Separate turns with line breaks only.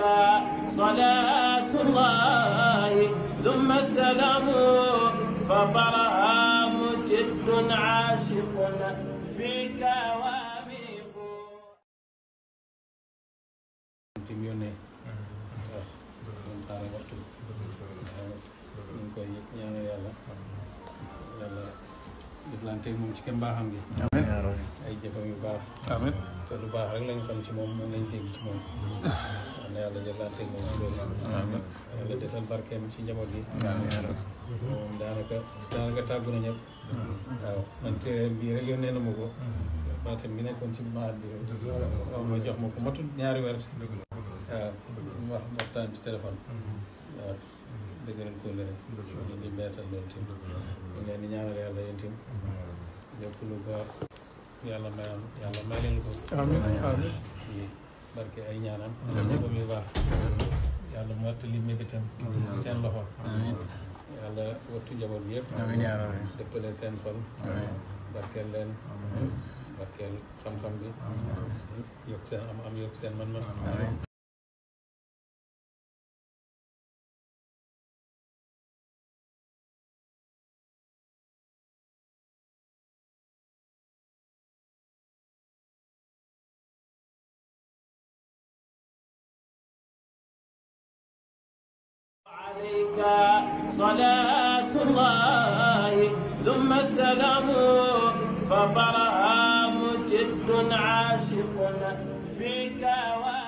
عليك صلاة الله ثم السلام فطرها مجد عاشق فيك واميق jëflante moom ci kenn baaxam gi ay jëfam yu baax amiin te lu baax rek lañ xam ci moom moom lañ dégg ci moom na yàlla jëlaat teg moom loolu desal barkeem ci njaboot gi moom daanaka daanaka tàggu na ñëpp waaw man téeréem bii rek yónnee na ma ko maatam bi nekkoon ci maat bi waaw ma jox ma ko matul ñaari weer waaw suñu wax waxtaan ci téléphone waaw dëgg nañ ko lëre ñu di beesal loolu tim ñu leen di barke ay ñaanam jëfam yu baax yàlla mottali mébétam seen loxo yàlla wattu njaboot bi yëpp dëppale seen xol barkeel leen barkeel xam-xam bi yokk seen am yokk seen man-man عليك صلاة الله ثم السلام فطرها مجد عاشق فيك وعاشق